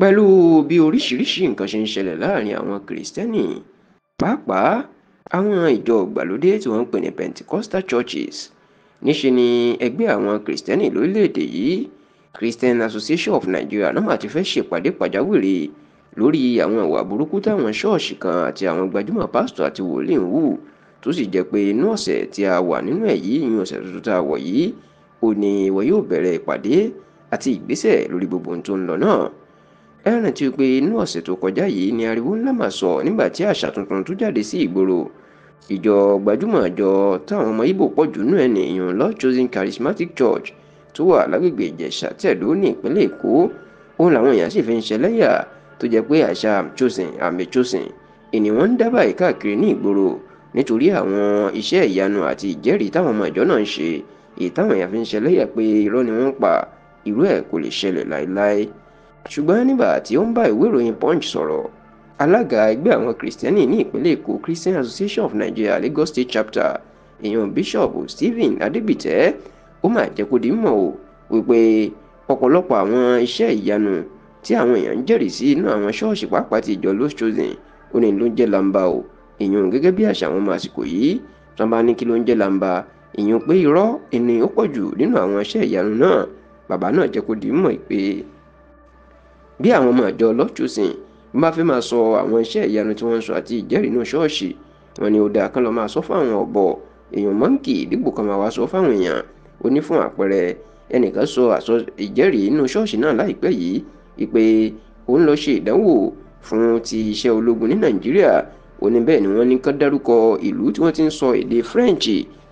pẹ̀lú bí oríṣiríṣi nǹkan ṣe ń ṣẹlẹ̀ láàrin àwọn kìrìsìtẹ́nì pàápàá àwọn ìjọ ìgbàlódé tí wọ́n ń pè ní pentecostal churches níṣe ni ẹgbẹ́ àwọn kìrìsìtẹ́nì lórílẹ̀‐èdè yìí Christian Association of Nigeria náà àti fẹ́ ṣèpàdé pàjáwìrì lórí àwọn ìwà burúkú táwọn ṣọ́ọ̀ṣì kan àti àwọn gbajúmọ̀ pásítọ̀ àti wòlíì ń hù tó sì jẹ́ pé inú ọ̀sẹ̀ tí a wà nínú ẹ̀ yìí ìyún ọ̀sẹ̀ tuntun tá a wọ̀ yìí ò ní yóò bẹ̀rẹ̀ ìpàdé àti ìgbésẹ̀ lórí gbogbo ohun tó ń lọ náà ẹ rántí pé inú ọ̀sẹ̀ tó kọjá yìí ni ariwo ńlá mà sọ nígbà tí àṣà tuntun tó jáde sí ìgboro ìjọ gbajúmọ̀ àjọ táwọn ọmọ Ìgbò pọ̀ jù nú ẹ̀ nìyẹn Lord Chosen Charismatic Church tó wà lágbègbè Ìjẹ̀ṣà tẹ̀dó ní ìpínlẹ̀ Èkó òun làwọn èèyàn sì fi ń ṣẹlẹ́yà tó jẹ́ pé àṣà I'm chosen I'm chosen ènìwọ̀n ń dábàá ìkáàkiri ní ìgboro nítorí àwọn iṣẹ́ ìyanu àti ìjẹ́rìí táwọn ọmọ ìjọ náà ń ṣe èyí táwọn èèyàn fi ń ṣẹlẹ́yà pé irọ́ ni wọ́n pa irú ẹ̀ kò lè ṣẹlẹ̀ láéláé ṣùgbọ́n nígbà tí ó ń bá ìwé ìròyìn punch sọ̀rọ̀ alága ẹgbẹ́ àwọn kìrìsìtẹ́nì ní ìpínlẹ̀ èkó christian association of nigeria lagos state chapter èèyàn bíṣọ̀bù stephen adébìtẹ́ ó mà jẹ́ kó di mọ̀ o wípé ọ̀pọ̀lọpọ̀ àwọn iṣẹ́ ìyanu tí àwọn èèyàn ń jẹ́rìí sí inú àwọn ṣọ́ọ̀ṣì pàápàá ti ìjọ Lost Chosen ó ní ló ń jẹ́ lamba o èèyàn gẹ́gẹ́ bí àṣà àwọn ọmọ àsìkò yìí tí wọ́n bá ní kí ló ń jẹ́ lamba èèyàn pé irọ́ ẹni pọ̀ jù nínú àwọn iṣẹ́ ìyanu náà bàbá náà jẹ́ kó di mọ̀ pé bí àwọn ọmọ àjọ lọ́tùsìn bí wọ́n fẹ́ máa sọ àwọn iṣẹ́ ìyanu tí wọ́n ń sọ àti ìjẹ́rìí inú ṣọ́ọ̀ṣì wọn ni ó dáa kán lọ máa sọ fún àwọn ọ̀bọ èèyàn mọ́ǹkì dípò kan máa wá sọ fáwọn èèyàn ó ní fún àpẹẹrẹ ẹnìkan sọ àsọ ìjẹ́rìí inú ṣọ́ọ̀ṣì náà láìpẹ́ yìí ìpè òun lọ ṣe ìdánwò fún ti iṣẹ́ ológun ní nàìjíríà ó ní bẹ́ẹ̀ ni wọ́n ní kán dárúkọ ìlú tí wọ́n ti ń sọ èdè french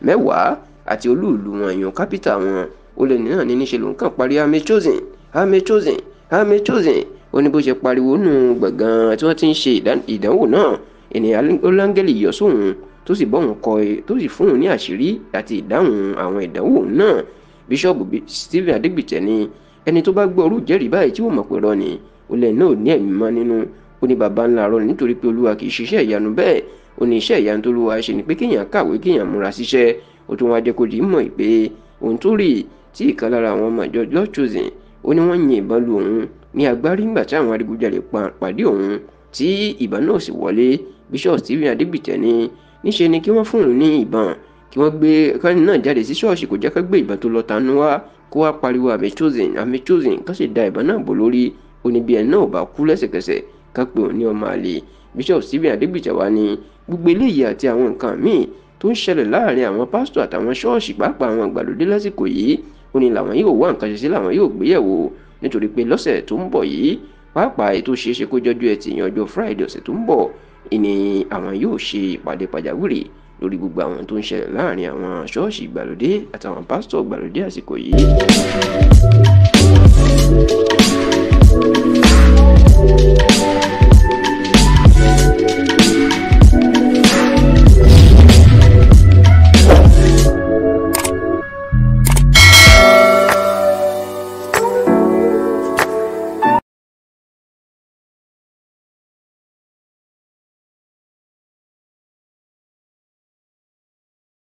mẹ́wàá àti olúùlú wọn èèyàn kápítà wọn ó ní náà ní níṣe lòun kàn parí amé chosen Amy Chozick, ó ní bó ṣe pariwo nù gbọ̀ngàn tí wọ́n ti ń ṣe ìdánwò náà ènìyàn Langeli yọ sóhun tó sì bọ́hùn kọ tó sì fóhun ní àṣírí àti ìdáhùn àwọn ìdánwò náà bíṣọ́ọ̀bù Stephen Adégbìtẹ̀ ni ẹni tó bá gbọ́ orú ìjẹ́rìí báyìí tí ó mọ̀ pé rọ́ ni olè náà ò ní ẹ̀mí mọ́ nínú ó ní baba ńlá rọ́ ni nítorí pé olúwa kì í ṣiṣẹ́ ìyanu bẹ́ẹ̀ ó ní iṣẹ́ ìyanu tó lúwa ṣe ni pé kéèyàn kàwé kéèyàn múra síṣẹ́ ó tún wá jẹ́ kó di mọ̀ pé ohun tó rí tí ìkan lára àwọn ọmọ ìjọ lọ́ọ́ ó ní wọ́n yin ìbọn lu òun ní agbárí nígbà tí àwọn adigunjalè pàdé òun tí ìbọn náà sì wọlé bishop stephen adébìtẹ́ ní níṣe ni kí wọ́n fún òun ní ìbọn kí wọ́n gbé kánì náà jáde sí ṣọ́ọ̀ṣì kò jẹ́ ká gbé ìbọn tó lọ tanú wá kó wá pariwo àmẹ́tòzìn àmẹ́tòzìn ká sì da ìbọn náà bò lórí ó ní bí ẹni náà ò bá kú lẹ́sẹ̀kẹsẹ̀ ká pè òun ní ọmọ àlè bishop stephen adébìtẹ́ wá ní gbogbo eléyìí àti àwọn nǹkan míì tó ń ṣẹlẹ̀ láàrin àwọn pásítọ̀ àtàwọn ṣọ́ọ̀ṣì pàápàá àwọn ìgbàlódé lásìkò yìí ó ní làwọn yóò wá nǹkan ṣe sí làwọn yóò gbéyẹ̀wò nítorí pé lọ́sẹ̀ tó ń bọ̀ yìí pàápàá ètò ṣeéṣe kó jọjú ẹtì yan ọjọ́ friday ọ̀sẹ̀ tó ń bọ̀ ni àwọn yóò ṣe ìpàdé pàjáwìrì lórí gbogbo àwọn tó ń ṣẹlẹ̀ láàrin àwọn ṣọ́ọ̀ṣì ìgbàlódé àtàwọn pásítọ̀ ìgbàlódé àsìkò yìí. thank you